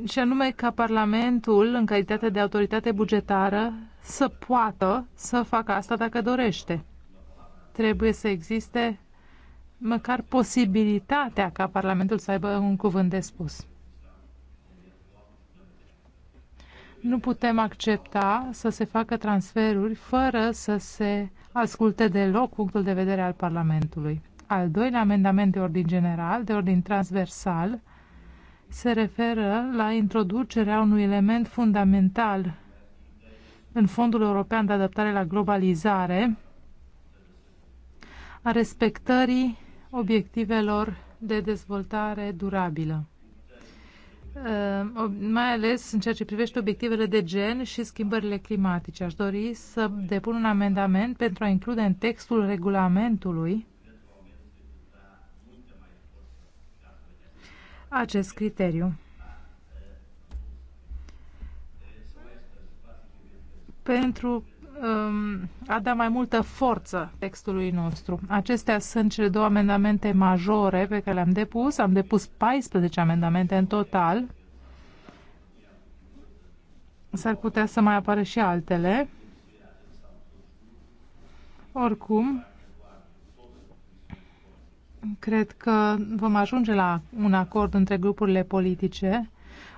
și anume ca Parlamentul, în calitate de autoritate bugetară, să poată să facă asta dacă dorește. Trebuie să existe măcar posibilitatea ca Parlamentul să aibă un cuvânt de spus. Nu putem accepta să se facă transferuri fără să se asculte deloc punctul de vedere al Parlamentului. Al doilea amendament de ordin general, de ordin transversal, se referă la introducerea unui element fundamental în Fondul European de Adaptare la Globalizare a respectării obiectivelor de dezvoltare durabilă, uh, mai ales în ceea ce privește obiectivele de gen și schimbările climatice. Aș dori să depun un amendament pentru a include în textul regulamentului acest criteriu. Pentru um, a da mai multă forță textului nostru. Acestea sunt cele două amendamente majore pe care le-am depus. Am depus 14 amendamente în total. S-ar putea să mai apară și altele. Oricum, Cred că vom ajunge la un acord între grupurile politice.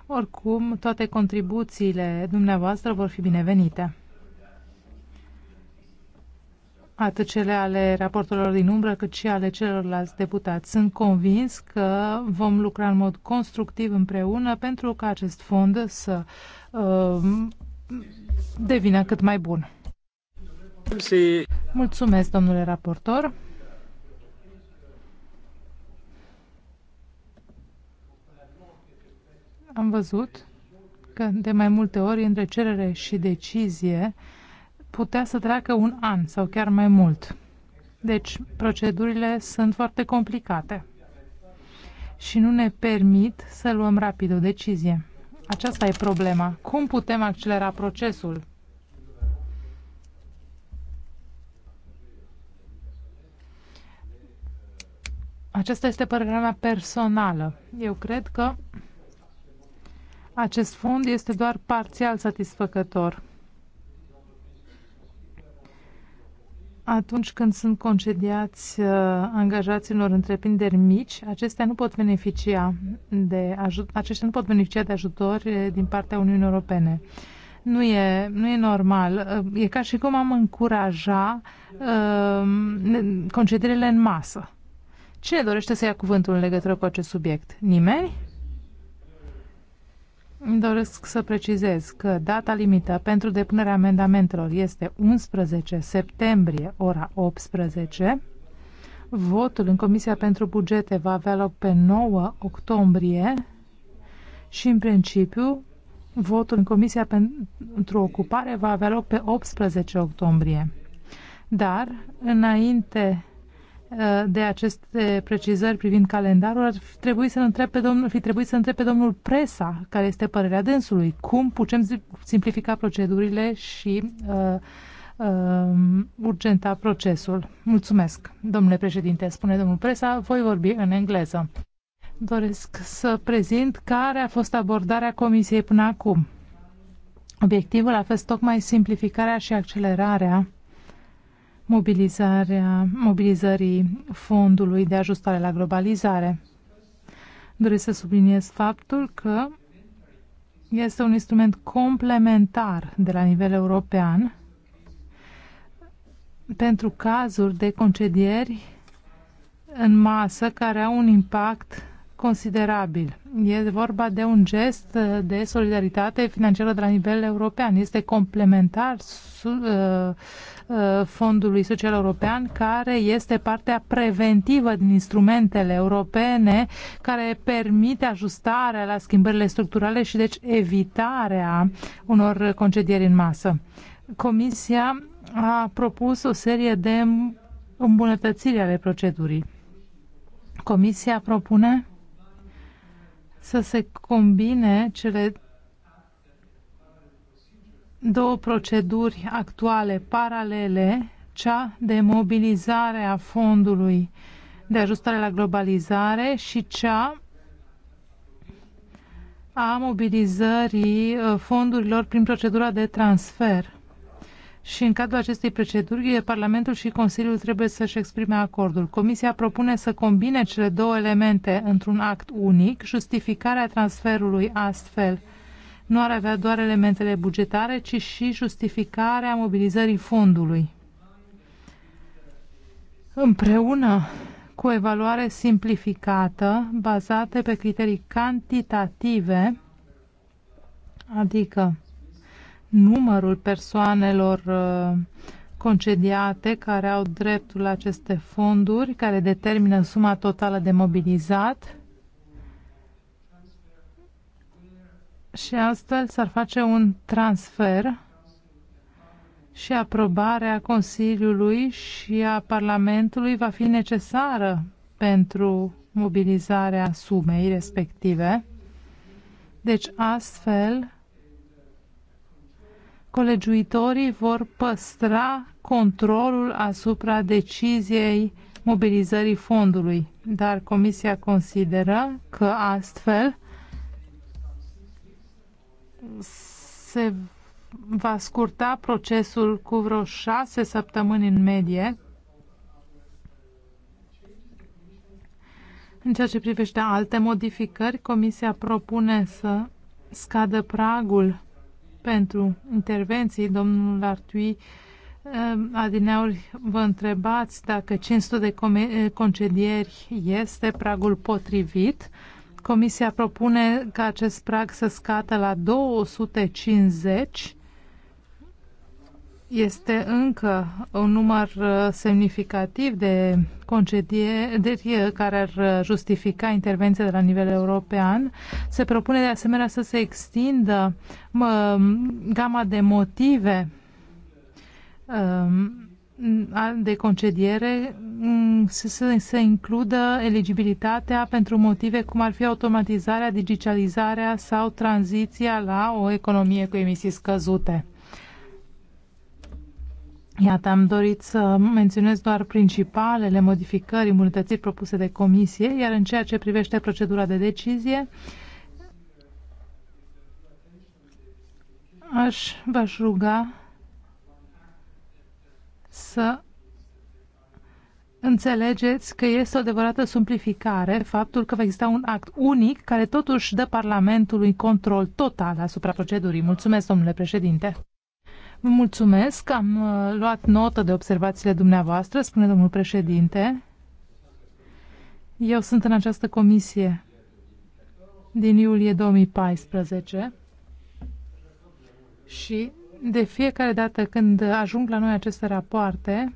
Oricum, toate contribuțiile dumneavoastră vor fi binevenite. Atât cele ale raportelor din umbră, cât și ale celorlalți deputați. Sunt convins că vom lucra în mod constructiv împreună pentru ca acest fond să uh, devină cât mai bun. Mulțumesc, domnule raportor. am văzut că de mai multe ori între cerere și decizie putea să treacă un an sau chiar mai mult. Deci, procedurile sunt foarte complicate și nu ne permit să luăm rapid o decizie. Aceasta e problema. Cum putem accelera procesul? Aceasta este părerea mea personală. Eu cred că acest fond este doar parțial satisfăcător. Atunci când sunt concediați uh, angajaților întreprinderi mici, acestea nu pot beneficia de aceștia nu pot beneficia de ajutor uh, din partea Uniunii Europene. Nu e, nu e normal. Uh, e ca și cum am încuraja uh, concedierile în masă. Cine dorește să ia cuvântul în legătură cu acest subiect? Nimeni? Doresc să precizez că data limită pentru depunerea amendamentelor este 11 septembrie, ora 18. Votul în Comisia pentru Bugete va avea loc pe 9 octombrie și, în principiu, votul în Comisia pentru Ocupare va avea loc pe 18 octombrie. Dar, înainte Eh, de aceste precizări privind calendarul, ar fi trebuit să întreb pe domnul, fi trebuit să întreb pe domnul Presa care este părerea dânsului. Cum putem simplifica procedurile și uh, uh, urgenta procesul? Mulțumesc, domnule președinte, spune domnul Presa, voi vorbi în engleză. Doresc să prezint care a fost abordarea comisiei până acum. Obiectivul a fost tocmai simplificarea și accelerarea mobilizarea, mobilizării fondului de ajustare la globalizare. Doresc să subliniez faptul că este un instrument complementar de la nivel european pentru cazuri de concedieri în masă care au un impact considerabil. E vorba de un gest de solidaritate financiară de la nivel european. Este complementar uh, uh, Fondului Social European, care este partea preventivă din instrumentele europene, care permite ajustarea la schimbările structurale și deci evitarea unor concedieri în masă. Comisia a propus o serie de îmbunătățiri ale procedurii. Comisia propune să se combine cele două proceduri actuale paralele, cea de mobilizare a fondului de ajustare la globalizare și cea a mobilizării uh, fondurilor prin procedura de transfer și în cadrul acestei proceduri, Parlamentul și Consiliul trebuie să-și exprime acordul. Comisia propune să combine cele două elemente într-un act unic, justificarea transferului astfel nu ar avea doar elementele bugetare, ci și justificarea mobilizării fondului. Împreună cu o evaluare simplificată, bazată pe criterii cantitative, adică numărul persoanelor uh, concediate care au dreptul la aceste fonduri, care determină suma totală de mobilizat și astfel s-ar face un transfer și aprobarea Consiliului și a Parlamentului va fi necesară pentru mobilizarea sumei respective. Deci astfel colegiuitorii vor păstra controlul asupra deciziei mobilizării fondului, dar Comisia consideră că astfel se va scurta procesul cu vreo șase săptămâni în medie. În ceea ce privește alte modificări, Comisia propune să scadă pragul pentru intervenții. Domnul Artui, um, adineauri vă întrebați dacă 500 de eh, concedieri este pragul potrivit. Comisia propune ca acest prag să scadă la 250 este încă un număr uh, semnificativ de concedieri care ar uh, justifica intervenția de la nivel european. Se propune de asemenea să se extindă gama de motive um, de concediere um, să se, se includă eligibilitatea pentru motive cum ar fi automatizarea, digitalizarea sau tranziția la o economie cu emisii scăzute. Iată, am dorit să menționez doar principalele modificări, îmbunătățiri propuse de comisie, iar în ceea ce privește procedura de decizie, aș vă ruga să înțelegeți că este o adevărată simplificare faptul că va exista un act unic care totuși dă Parlamentului control total asupra procedurii. Mulțumesc, domnule președinte! Vă mulțumesc, am uh, luat notă de observațiile dumneavoastră, spune domnul președinte. Eu sunt în această comisie din iulie 2014 și de fiecare dată când ajung la noi aceste rapoarte,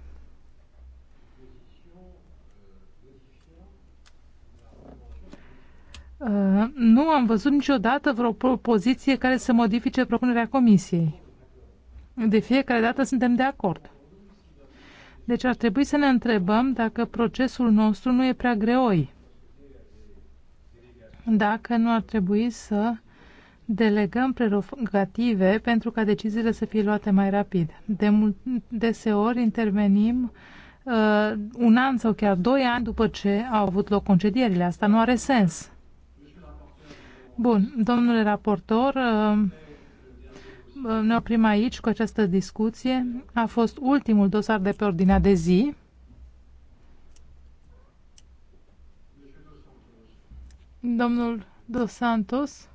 uh, nu am văzut niciodată vreo propoziție care să modifice propunerea comisiei. De fiecare dată suntem de acord. Deci ar trebui să ne întrebăm dacă procesul nostru nu e prea greoi. Dacă nu ar trebui să delegăm prerogative pentru ca deciziile să fie luate mai rapid. De mult, deseori intervenim uh, un an sau chiar doi ani după ce au avut loc concedierile. Asta nu are sens. Bun, domnule raportor, uh, ne oprim aici cu această discuție. A fost ultimul dosar de pe ordinea de zi. Domnul Dos Santos,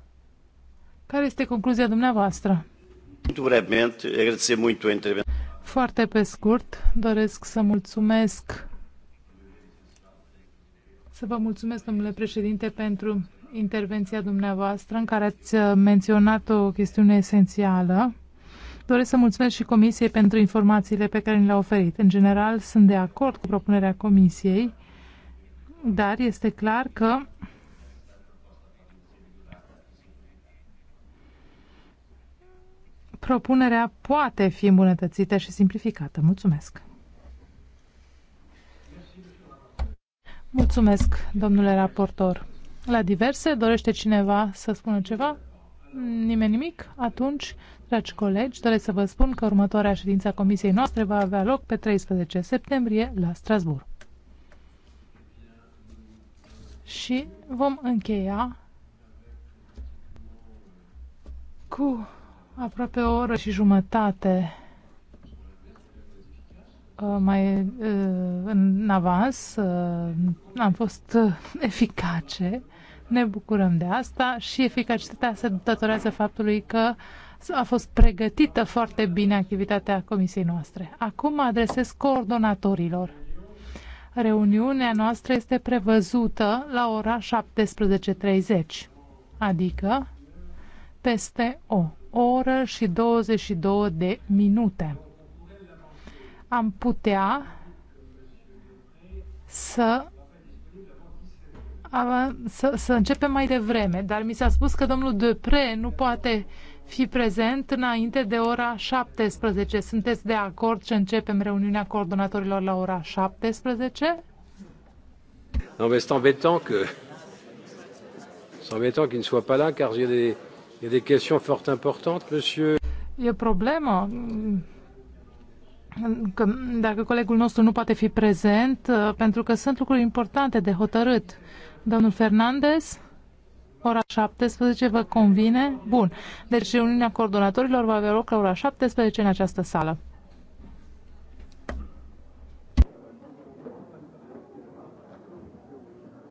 care este concluzia dumneavoastră? Foarte pe scurt, doresc să mulțumesc să vă mulțumesc, domnule președinte, pentru intervenția dumneavoastră în care ați uh, menționat o chestiune esențială. Doresc să mulțumesc și Comisiei pentru informațiile pe care ni le-a oferit. În general, sunt de acord cu propunerea Comisiei, dar este clar că propunerea poate fi îmbunătățită și simplificată. Mulțumesc! Mulțumesc, domnule raportor. La diverse, dorește cineva să spună ceva? Nimeni nimic? Atunci, dragi colegi, doresc să vă spun că următoarea ședință a comisiei noastre va avea loc pe 13 septembrie la Strasbourg. Și vom încheia cu aproape o oră și jumătate uh, mai uh, în avans, uh, am fost eficace ne bucurăm de asta și eficacitatea se datorează faptului că a fost pregătită foarte bine activitatea comisiei noastre. Acum mă adresez coordonatorilor. Reuniunea noastră este prevăzută la ora 17.30, adică peste o oră și 22 de minute. Am putea să a, să, să începem mai devreme, dar mi s-a spus că domnul Depre nu poate fi prezent înainte de ora 17. Sunteți de acord să începem reuniunea coordonatorilor la ora 17? Non, mais c'est embêtant que c'est embêtant qu'il ne soit pas là car il y a des il y a des questions fort importantes, monsieur. E o problemă că dacă colegul nostru nu poate fi prezent, uh, pentru că sunt lucruri importante de hotărât Domnul Fernandez, ora 17 vă convine? Bun. Deci reuniunea coordonatorilor va avea loc la ora 17 în această sală.